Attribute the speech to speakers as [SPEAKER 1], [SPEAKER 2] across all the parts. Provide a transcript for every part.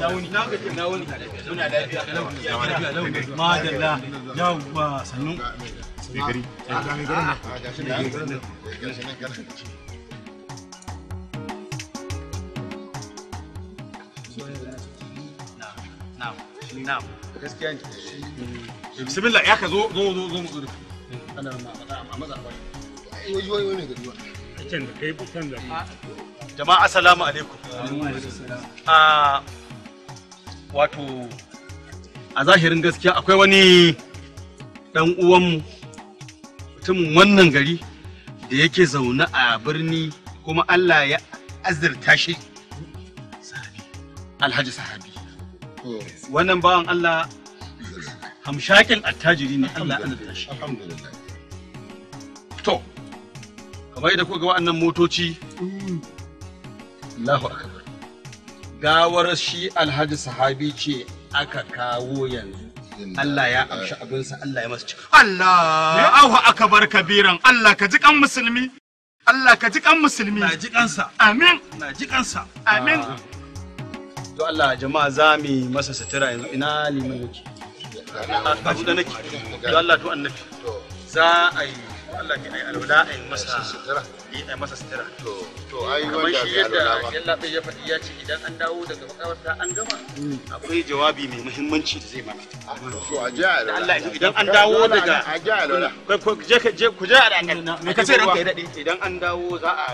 [SPEAKER 1] na
[SPEAKER 2] ah, ah, bismillah ya ka zo zo zo zo mu
[SPEAKER 3] jama'a assalamu alaikum
[SPEAKER 2] wato a zahirin gaskiya akwai wani dan uwanmu mutumin wannan gari da yake zaune a birni kuma Allah ya azurta shi alhaji sahabi wannan bawan Allah hamshakin attajiri ne Allah ya azurta shi to kamar yadda kuka ga wa'annan motoci Allahu akbar gawar shi alhaji sahabi ce aka kawo yanzu Allah ya amshi abinsa Allah ya masu ci Allah awa aka bar kabiran Allah ka ji kan musulmi Allah ka ji kan musulmi na ji kansa amin na ji kansa amin ah. to Allah jama'a za mu masa sutura yanzu ina liman yake a da nake to Allah to annabi za a yi Allah ne ai alwala ai masa sutura ai masa sutura to to ai wanda shi yadda ya faɗi ya ce idan an dawo daga makabarta an gama hmm. akwai jawabi mai muhimmanci da zai mana ah, to a ji alwala Allah idan an dawo daga a ji alwala ku je ka je ku je alwala me kace ranka ya dade idan an dawo za a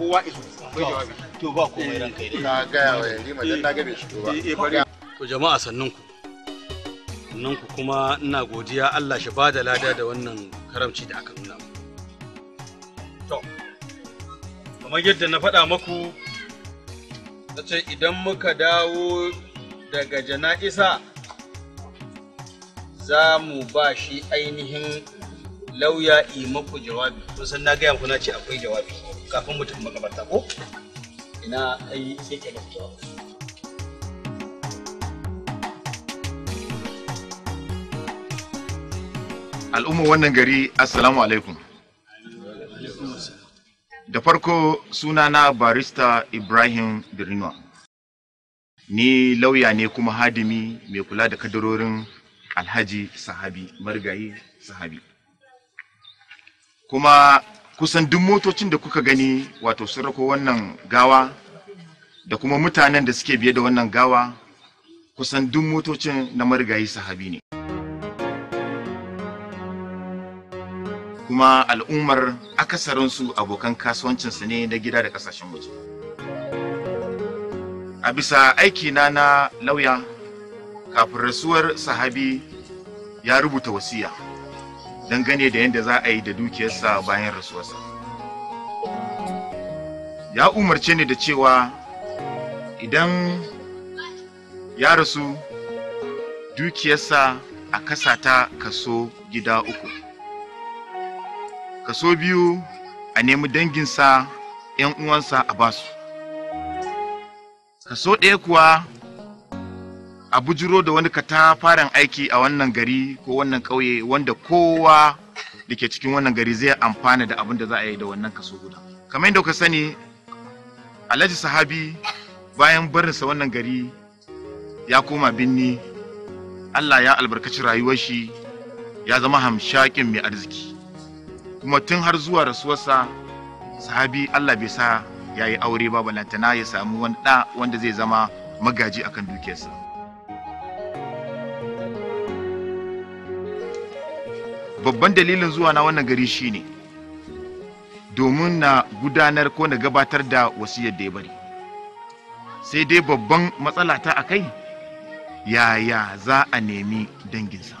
[SPEAKER 2] kowa isu
[SPEAKER 4] akwai jawabi to ba komai ranka ya dade ka ga yanzu to ba eh, eh,
[SPEAKER 2] to jama'a sannunku nan ku kuma ina godiya Allah shi ba da lada da wannan karamci da aka nuna mu. To, kamar yadda na faɗa maku, na ce idan muka dawo daga jana'isa za mu ba shi ainihin lauya yi maku jawabi. san na gaya muku na ce akwai jawabi kafin mutum makabarta ko? Ina ai sai ke jawabi.
[SPEAKER 1] al'umma wannan gari assalamu alaikum da farko sunana barista ibrahim birnuwa ni lauya ne kuma hadimi mai kula da kadarorin alhaji sahabi marigayi sahabi kuma kusan duk motocin da kuka gani wato sun wannan gawa da kuma mutanen da suke biye da wannan gawa kusan duk motocin na marigayi sahabi ne. kuma al'ummar akasarinsu abokan kasuwancinsu ne na gida da kasashen waje a bisa aikina na lauya kafin rasuwar sahabi ya rubuta wasiya gane da yadda za a yi da dukiyarsa bayan rasuwarsa ya umarce ni da cewa idan ya rasu dukiyarsa a kasata kaso gida uku kaso biyu a nemi danginsa ‘yan uwansa a basu kaso ɗaya kuwa a bujiro da wani katafaren aiki a wannan gari ko wannan ƙauye wanda kowa da ke cikin wannan gari zai amfana da abin da za a yi da wannan kaso guda kamar yadda ka sani alhaji sahabi bayan barinsa wannan gari ya koma binni allah ya albarkaci rayuwar shi ya zama hamshakin mai arziki kuma tun har zuwa rasuwarsa sahabi Allah bai sa ya yi aure ba balantana ya samu wani ɗa wanda zai zama magaji akan dukiyarsa babban dalilin zuwa na wannan gari shi ne, domin na gudanar ko na gabatar da wasu yadda ya bari sai dai babban matsala ta a kai yaya za a nemi danginsa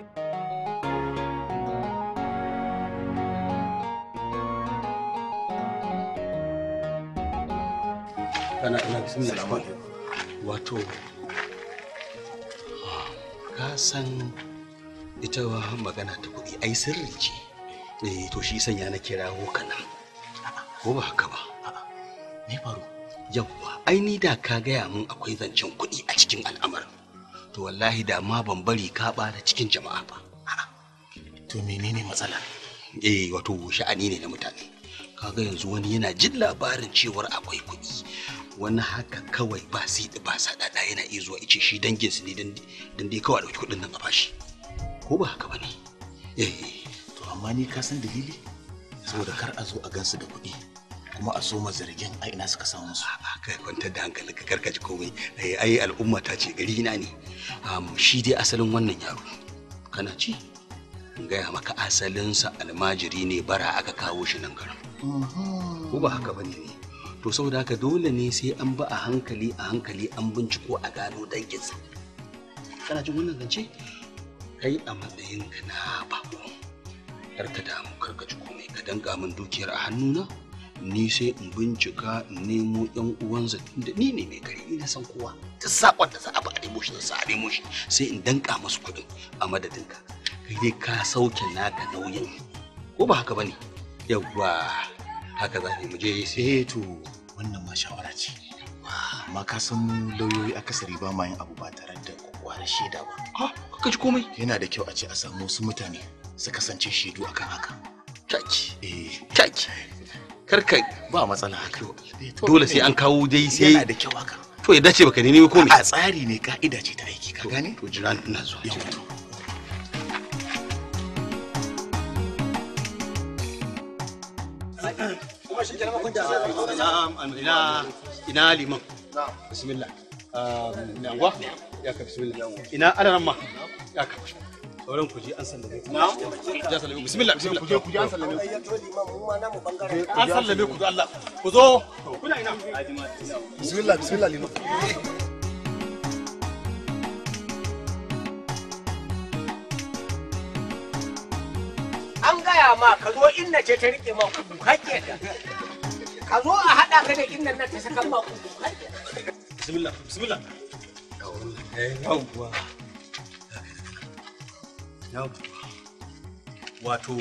[SPEAKER 2] kana ina wato ka san ita magana ta kuɗi ai sirri ce eh to shi sanya na kirawo kana ko ba haka ba me faru yawwa ai ni da ka gaya mun akwai zancen kuɗi a cikin al'amarin to wallahi da ma ban bari ka bada cikin jama'a ba to menene matsala eh wato sha'ani ne na mutane kaga yanzu wani yana jin labarin cewar akwai kuɗi wani haka kawai ba sai da ba dada yana iya zuwa ice shi dangin su
[SPEAKER 3] ne dan dai kawai dauki kudin nan a bashi ko ba haka bane eh, eh to amma ni ka san dalili saboda kar a zo a gansu da kuɗi kuma a soma zargin a ina suka samu su a kai kwantar da hankali ka karkaci komai eh, ai al'umma ta ce gari na ne
[SPEAKER 2] shi dai asalin wannan yaro kana ci gaya maka asalinsa almajiri ne bara aka kawo shi nan garin
[SPEAKER 3] mhm.
[SPEAKER 2] ko ba haka bane ne to saboda haka dole ne sai an ba a hankali a hankali an binciko a gano danginsa kana jin wannan zance kai a matsayin ka na ba. kar ka damu kar ka ci komai ka danga min dukiyar a hannuna ni sai in bincika in nemo yan uwansa tunda ni ne mai gari ni na san kowa ta sakon da za a ba a nemo shi da a nemo shi sai in danka masu kuɗin a madadin ka kai dai ka sauke naka nauyin
[SPEAKER 3] ko ba haka bane yawwa haka za mu je sai to wannan ma shawara ce amma ka san mu lauyoyi akasari ba ma yin abu ba tare da kowa da shaida ba ha ah, ka ji komai yana da kyau a ce a samu wasu mutane su kasance shaidu akan haka kaki eh kaki karka ba matsala haka
[SPEAKER 1] eh, dole sai an
[SPEAKER 2] kawo dai sai yana da kyau haka to ya dace baka nemi komai a tsari ne ka'ida ce ta
[SPEAKER 3] aiki ka gane to jira ina zuwa
[SPEAKER 2] Um, sauran ku ji an sallame ku sallame bismillah bismillah ku ji an sallame ku an sallame ku Allah ku zo kuna ina
[SPEAKER 1] bismillah bismillah
[SPEAKER 3] an gaya ma ka zo inna ce ta rike ma hakkin ka zo a haɗa ka da inda na ta sakan ba ku
[SPEAKER 2] bismillah bismillah yawwa yawwa wato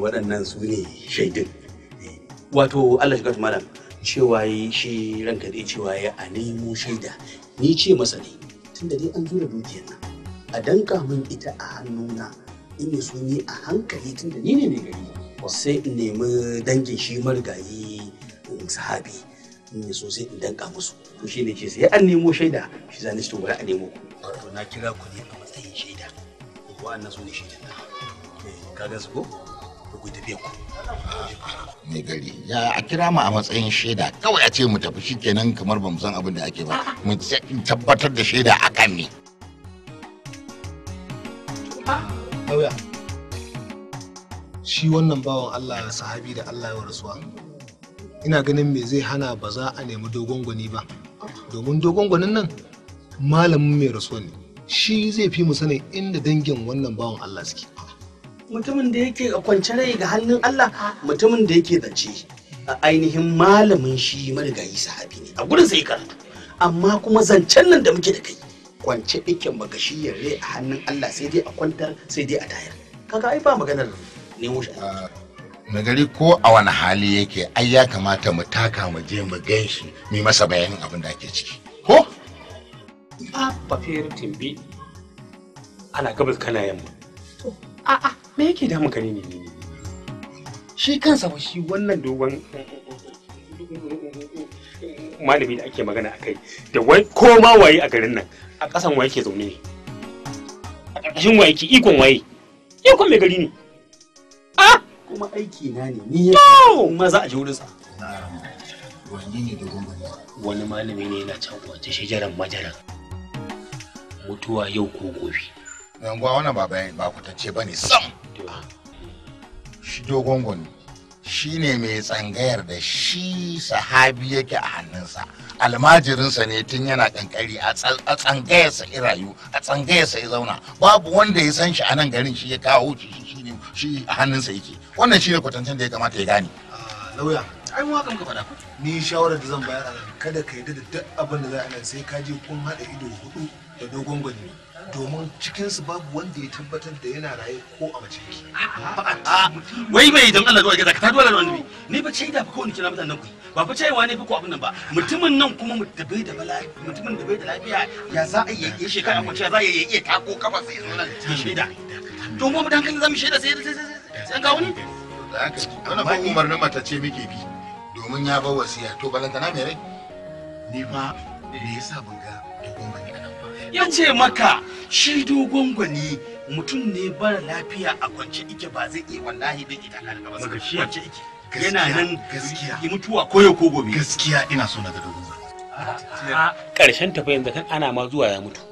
[SPEAKER 2] waɗannan su ne shaidun eh, wato Allah shiga malam cewa yi shi ranka dai cewa ya a nemo shaida ni ce masa ne tunda dai an zura da dukiyar nan a danka min ita a hannuna in yi sun yi a hankali tunda ni ne mai gari sai in nemi dangin shi marigayi sahabi in yi sai in danka musu to shi ne ce sai an nemo shaida shi zane shi to bari a nemo ku wato na kira ku ne a matsayin shaida ko an na so ne shaida, nan eh, ka ga su ko ku tafi ku
[SPEAKER 4] mai gari ya a kira mu a matsayin shaida kawai a ce mu tafi kenan kamar ba mu san abin da ake ba mu tabbatar da shaida akan ne
[SPEAKER 5] shi wannan bawan Allah sahabi da Allah ya rasuwa ina ganin me zai hana ba za a nemi dogon gwani ba domin dogon gwanin nan malamin mai rasuwa ne shi zai fi mu sanin inda dangin wannan bawan Allah suke mutumin da
[SPEAKER 2] yake a kwance rai ga hannun Allah mutumin da yake zace a ainihin malamin shi marigayi sahabi ne a gurin sai karatu amma kuma zancen nan da muke da kai kwance ɗikin magashi ya rai a hannun Allah sai dai a kwantar sai dai a tayar kaga ai ba maganar nemo shi ah.
[SPEAKER 4] mai gari ko a wani hali yake ai ya kamata mu taka mu je mu gan shi mu masa bayanin abin da ake ciki
[SPEAKER 2] ko ba bafiyar timbi ana gabas kana yamma a'a me yake damun ka ne ne
[SPEAKER 5] shi kansa ba shi wannan dogon
[SPEAKER 2] malami da ake magana a kai da wai ko ma waye a garin nan a ƙasan waye ke zaune ne a ƙarƙashin waye ke ikon waye ikon mai gari ne kuma aiki na ne ni ya ma za a je wurin sa wani ne dogon bane wani malami ne yana can wata shajaran majaran
[SPEAKER 4] mutuwa yau ko gobe yanguwa wannan ba bayan ba kutacce bane sam shi dogon gwani shi ne mai tsangayar da shi sahabi yake a hannunsa almajirinsa ne tun yana kankari a tsangayarsa irayu a tsangayarsa ya zauna babu wanda ya san shi a nan garin shi ya kawo shi shi a hannunsa yake wannan shi ne kwatancen da ya kamata ya gane ah, lauya
[SPEAKER 2] ai mu haka muka faɗa
[SPEAKER 4] ni
[SPEAKER 5] shawarar da zan bayar a kada ka yadda da duk abin da za a sai ka je kun haɗa ido hudu da dogon gwani domin cikinsu babu wanda ya tabbatar da yana raye ko a mace yake
[SPEAKER 2] wai mai don Allah zuwa gida ta dole da wani ni ba shaida fa kawai kira mutanen ku ba fa cewa ne ba ko abin nan ba mutumin nan kuma mutumin da mutumin da bai da lafiya ya za a yi shekara mace za a yi iya tako kafa sai zo nan shaida to mu mu dan kan zamu shaida sai sai
[SPEAKER 4] sai an kawo ni wannan ba umarnin mata ce muke bi domin ya bar wasiya
[SPEAKER 2] to balantana me rai ni fa me yasa ban ga dogon gwani anan ba ya ce maka shi dogon gwani mutum ne bara lafiya a kwance ike ba zai iya wallahi bai ita kan gaba sai kwance ike yana nan gaskiya ki mutuwa koyo ko
[SPEAKER 1] gobe gaskiya ina so na ga dogon
[SPEAKER 2] gwani karshen tafiyan da kan ana ma zuwa ya mutu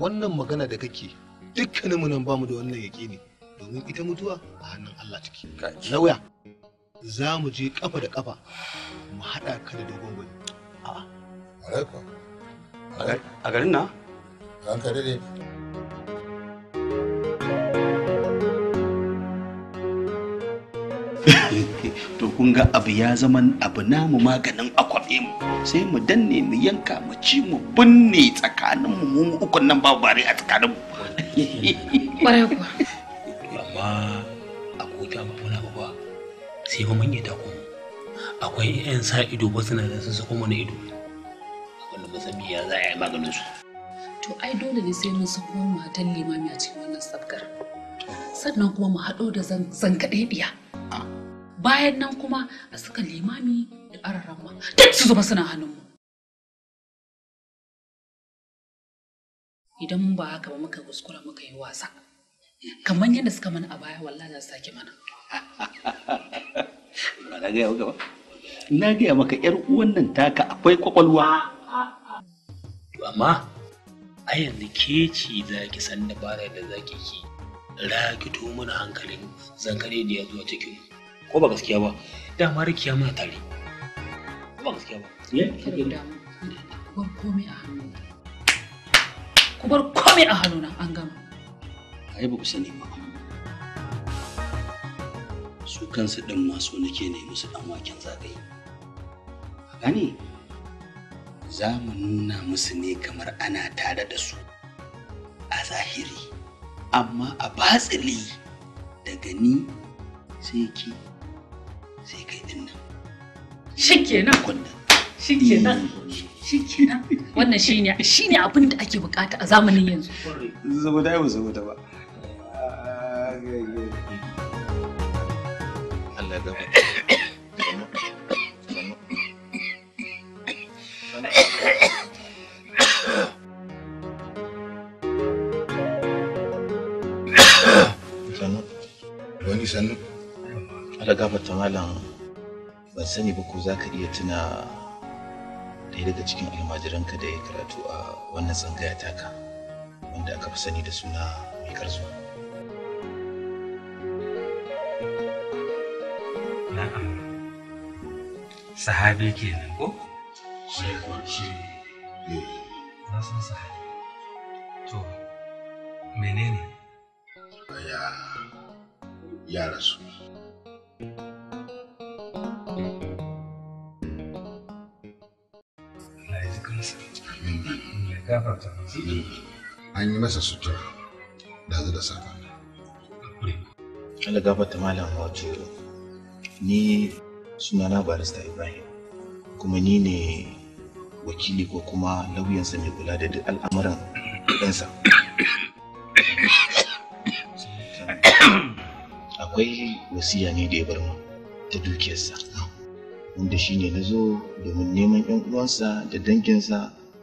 [SPEAKER 5] wannan magana da kake dukkanin mu nan bamu da wannan yaƙini domin ita mutuwa a hannun Allah take lauya za mu je kafa da kafa mu haɗa ka da dogon gwani
[SPEAKER 2] a'a a garin na to kun ga abu ya zama abu namu maganin akwabe mu sai mu danne mu yanka mu ci mu binne tsakanin mu mu ukun nan babu bare a tsakanin mu
[SPEAKER 1] amma
[SPEAKER 3] a koka ba wani abu ba
[SPEAKER 2] sai ba manya ta kuma akwai yan sa ido ba suna da su kuma na ido
[SPEAKER 3] wanda ba san ya za a yi maganin su
[SPEAKER 2] to ai dole ne sai mun sako matan limami a cikin wannan sabgar sannan kuma mu haɗo da zan zangaɗe biya bayan nan kuma a saka limami da ararrawa duk su zuba suna mu. idan ba haka ba muka kuskura muka yi wasa kamar yadda suka mana a baya wallahi za su sake mana ba na gaya maka ba na gaya maka yar uwan nan taka akwai kwakwalwa amma a yanzu ke ci za ki san dabarar da za ki ki ragito mana hankalin zankare da ya zuwa cikin ko ba gaskiya ba dama rikiya muna tare ko ba gaskiya ba ku bar komai a hannuna ku bar komai a hannuna an gama ai ba ku sani ba su kansu din maso nake ne musu dan waken zagaye gane za mu nuna musu ne kamar ana tare da su a zahiri amma a batsili daga ni sai ki sai kai din nan shikenan shikenan shikenan wannan shine shine abin da ake bukata a zamanin yanzu zubuda ba
[SPEAKER 3] Allah ya gama wani alagafata malam ban sani ba ko za ka iya tuna ɗaya daga cikin almajiranka da ya karatu a wannan tsangaya taka wanda aka fi sani da suna mai karzuwa na'am
[SPEAKER 6] sahabi kenan ko shi eh,
[SPEAKER 3] an yi masa sutura da da safa Allah malam Mawajiro ni sunana barista Ibrahim kuma ni ne wakili ko kuma lauyansa mai kula da duk al'amuran ɗansa akwai wasiya ne da ya bar mu ta dukiyarsa wanda shine na zo domin neman 'yan uwansa da danginsa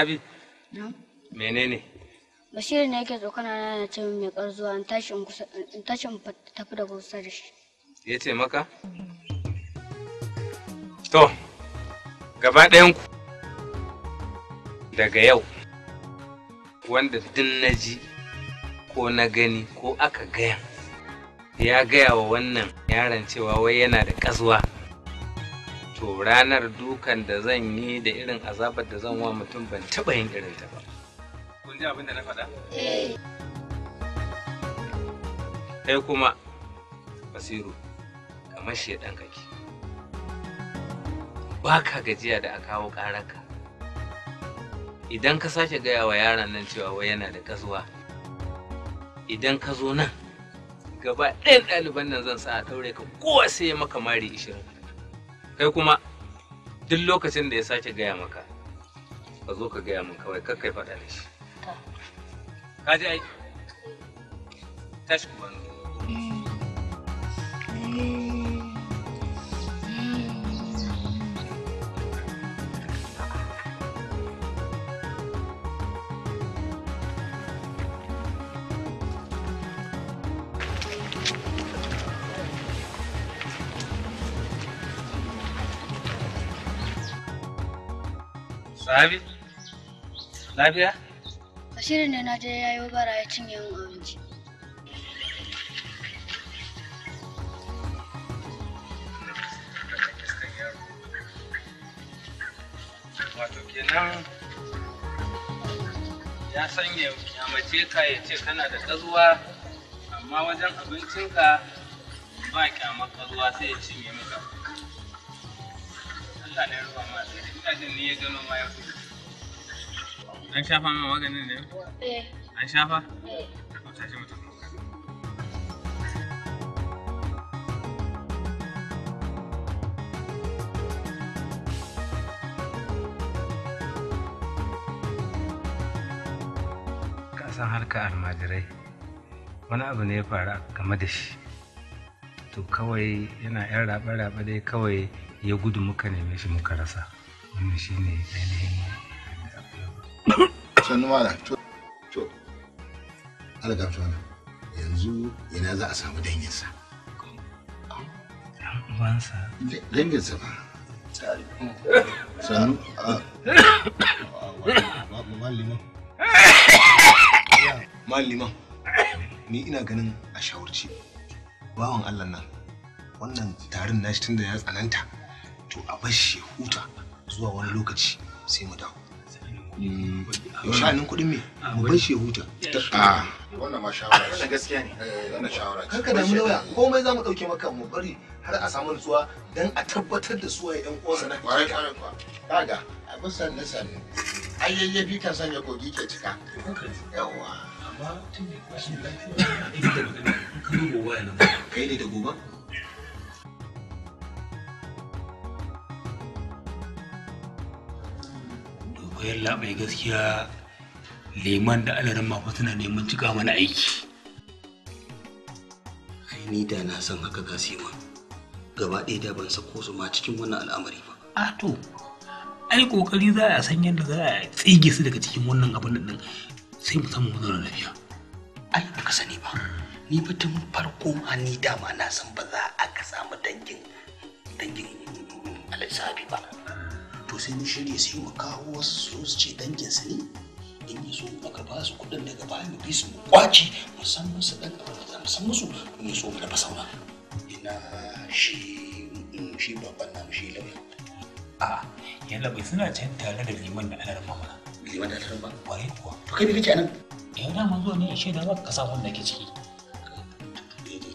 [SPEAKER 6] abi Menene?
[SPEAKER 2] Bashir ne yake tsokana na na ce mai karzuwa in tashi in tafi da kusa da shi.
[SPEAKER 6] Ya ce maka? To, gaba ku daga yau wanda din na ji ko na gani ko aka gaya ya gaya wa wannan yaron cewa wai yana da kazuwa to ranar dukan da zan yi da irin azabar da zan wa mutum ban taba yin irin ta ba. Kun ji abin da na faɗa? Eh. Kai kuma, Basiru, kamar shaidan kake. Ba ka gajiya da a kawo ƙararka. Idan ka sake gaya wa yaran nan cewa wai yana da kasuwa. idan ka zo nan, gaba ɗayan ɗaliban nan zan sa a ɗaure ka kowa sai maka mari ishirin. kai kuma duk lokacin da ya sake gaya maka ka zo ka gaya maka kawai kakkai kai faɗa da shi ka ji ai tashi kuma Sabi? Lafiya?
[SPEAKER 2] Bashir ne na je yi bara ya cinye min abinci.
[SPEAKER 6] Wato kenan ya sanya ya mace ka ya ce kana da kazuwa amma wajen abincinka ba kyamar kazuwa sai ya cinye maka. mutanen ruwa ma ya gano ma ya an shafa ma maganin ne eh. an shafa eh. san harka almajirai wani abu ne ya faru game da shi to kawai yana yan raɓe-raɓe dai kawai ya gudu muka neme shi muka rasa
[SPEAKER 4] wannan shine shi ne ainihin yanzu ina za a samu sa sa danginsa sa ba sannu
[SPEAKER 5] mallima ni ina ganin a shawarci bawan Allah nan wannan tarin nashi tunda ya tsananta to a bar shi huta zuwa wani lokaci sai mu dawo shanin kuɗin me mu bar shi
[SPEAKER 4] huta ah, wannan ma shawara wannan gaskiya ne eh, wannan shawara ce kanka damu lauya komai zamu dauke maka mu bari har a samu nutsuwa dan a tabbatar da suwaye ɗan uwansa na kwarai kwarai kwa kaga abin sanne sanne bi kan sanya kogi ke cika yawa amma tun da kwashin
[SPEAKER 5] lafiya Dubu gobe yana kai ne da
[SPEAKER 6] gobe?
[SPEAKER 2] Dokoyin labai gaskiya leman da alarin mafa suna neman cika mana aiki. Ai ni da na san haka gasima gaba ɗaya da ban sako su ma cikin wannan al'amari ba. A to, ai kokari za a san yadda za a tsige su daga cikin wannan abin nan sai mu samu mu zauna lafiya ai baka sani ba ni ba tun farko ma ni dama na san ba za a ka samu dangin dangin alisabi ba to sai mu shirya su yi kawo wasu su ce dangin su ne in yi su aka ba su kudin daga baya mu bi su mu kwaci mu san musu dan da za mu san musu mu so mu da fasauna ina shi mm, shi babban nan shi lauya a
[SPEAKER 6] yalla bai suna can tare da liman da alar mama liman da alarma ware kuwa
[SPEAKER 2] to kai bi kace anan yau eh, da mun zo ne in da maka ka sa wanda ke ciki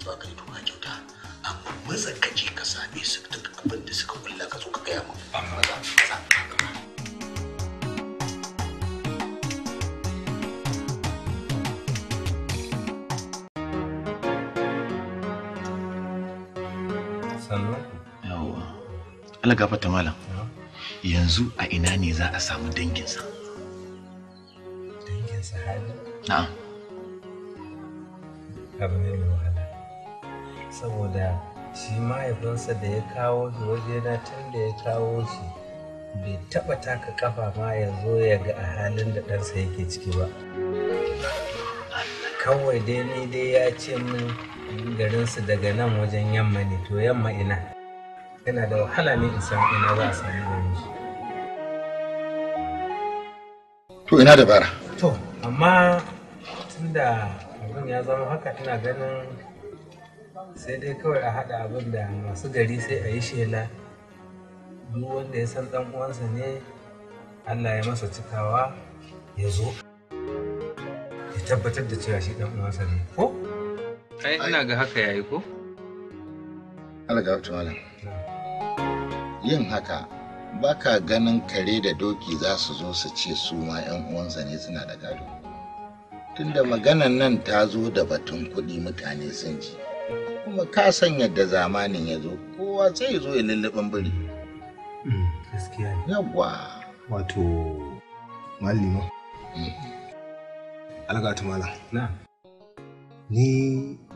[SPEAKER 2] ba ka yi tuka kyauta amma maza ka ka same su duk abin da suka kulla ka zo ka gaya min amma za ka za ka gama
[SPEAKER 3] Allah gafarta malam yanzu a ina ne za a samu danginsa
[SPEAKER 5] danginsa hali na'am
[SPEAKER 3] abu ne mai
[SPEAKER 6] saboda shi mahaifinsa da ya kawo shi na tun da ya kawo shi bai taba taka kafa ma ya zo ya ga a halin da ɗansa yake ciki ba kawai dai ni dai ya ce min garinsu daga nan wajen yamma ne to yamma ina yana da wahala ne in san ina za a sami
[SPEAKER 3] wani. shi
[SPEAKER 4] to ina dabara
[SPEAKER 6] to amma tunda abin ya zama haka ina ganin sai dai kawai a haɗa abin da masu gari sai a yi shela duk wanda ya san ɗan uwansa ne allah ya masa cikawa ya zo ya tabbatar da cewa shi ɗan uwansa ne
[SPEAKER 4] ko ai ina ga haka yayi ko alaga malam yin haka baka ganin kare da doki za su zo su ce su ma 'yan uwansa ne suna da gado tunda maganan nan ta zo da batun kuɗi mutane sun ji kuma ka san yadda zamanin ya zo kowa sai ya zo ya lullubin biri
[SPEAKER 6] mm, gaskiya
[SPEAKER 4] yawa
[SPEAKER 5] wato malima mm. alagatu mala. na ni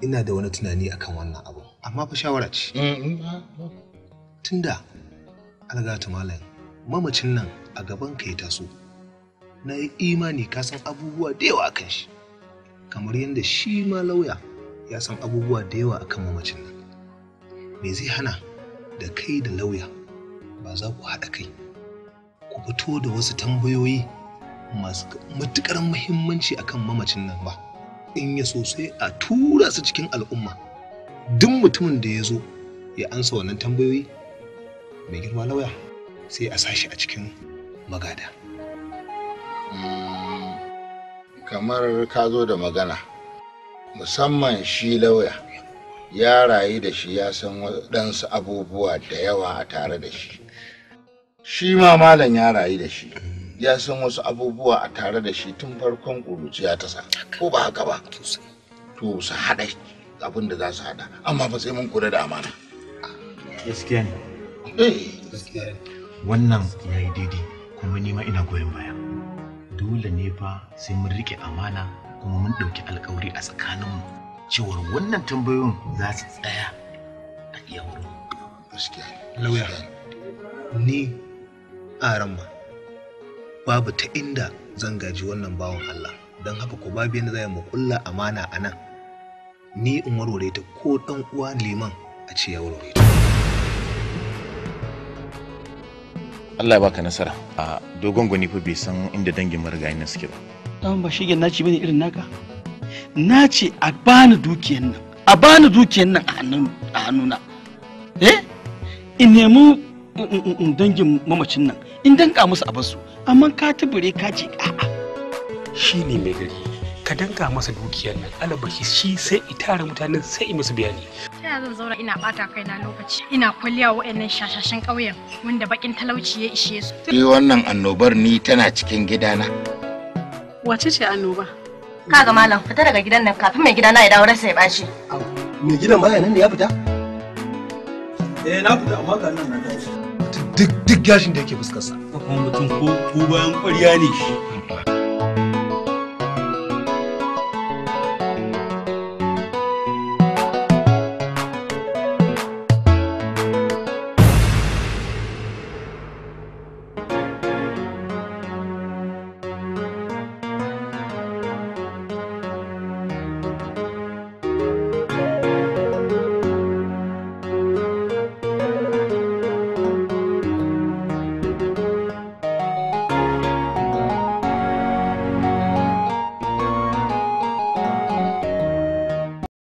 [SPEAKER 5] ina da wani tunani akan wannan abu amma fa shawara ce mm, ah, tunda alagatu mala mamacin nan a gaban ka ya taso na yi imani ka san abubuwa da yawa kan shi kamar yadda shi ma lauya ya san abubuwa da yawa akan mamacin nan me zai hana da kai da lauya ba za ku haɗa kai ku fito da wasu tambayoyi masu matuƙar muhimmanci akan mamacin nan ba in ya so sai a tura su cikin al'umma duk mutumin da ya zo ya ansa wannan tambayoyi mai girma lauya sai a sashi a cikin magada
[SPEAKER 4] kamar ka zo da magana musamman shi lauya ya rayu da shi ya san waɗansu abubuwa da yawa a tare da shi shi ma malam ya rayu da shi ya san wasu abubuwa a tare da shi tun farkon ƙuruciya ta sa ko ba haka ba to su haɗa abin da za su haɗa amma ba sai mun kula da amana gaskiya ne eh.
[SPEAKER 3] wannan ya yi daidai kuma nima ina goyon baya dole ne fa sai mun riƙe amana kuma mun ɗauki alkawari a tsakaninmu cewa wannan tambayoyin za su tsaya a iya wurin. Lauya, ni
[SPEAKER 5] arama, babu ta inda zan gaji wannan bawan Allah don haka ko babu yadda zai mu kulla amana a nan. Ni in warware ta ko ɗan uwa liman
[SPEAKER 1] a ce ya warware ta. Allah ya baka nasara a dogon gwani fa bai san inda dangin marigayi na suke ba.
[SPEAKER 2] dama ba na naci bane irin naka na ce a bani dukiyan nan a bani dukiyan nan a hannuna eh in nemi dangin mamacin nan in danka musu a basu amma ka tubure ka ce a'a shi ne mai gari ka danka masa dukiyan nan alabashi shi sai tara mutanen sai i musu bayani ta zan
[SPEAKER 5] zaura ina bata kai na lokaci ina kwalliya wa'annan shashashen ƙauyen wanda bakin talauci ya ishe su
[SPEAKER 4] Eh, wannan annobar ni tana cikin gidana.
[SPEAKER 2] Wace ce annoba?
[SPEAKER 3] Kaga malam fita daga gidan nan kafin mai gidana ya dawo rasa ya bashi.
[SPEAKER 4] Mai gidan baya nan ne ya fita?
[SPEAKER 2] Eh na fita amma ga nan na dawo. Duk duk gashin da yake sa. Kuma mutum ko bayan ƙwarya ne shi.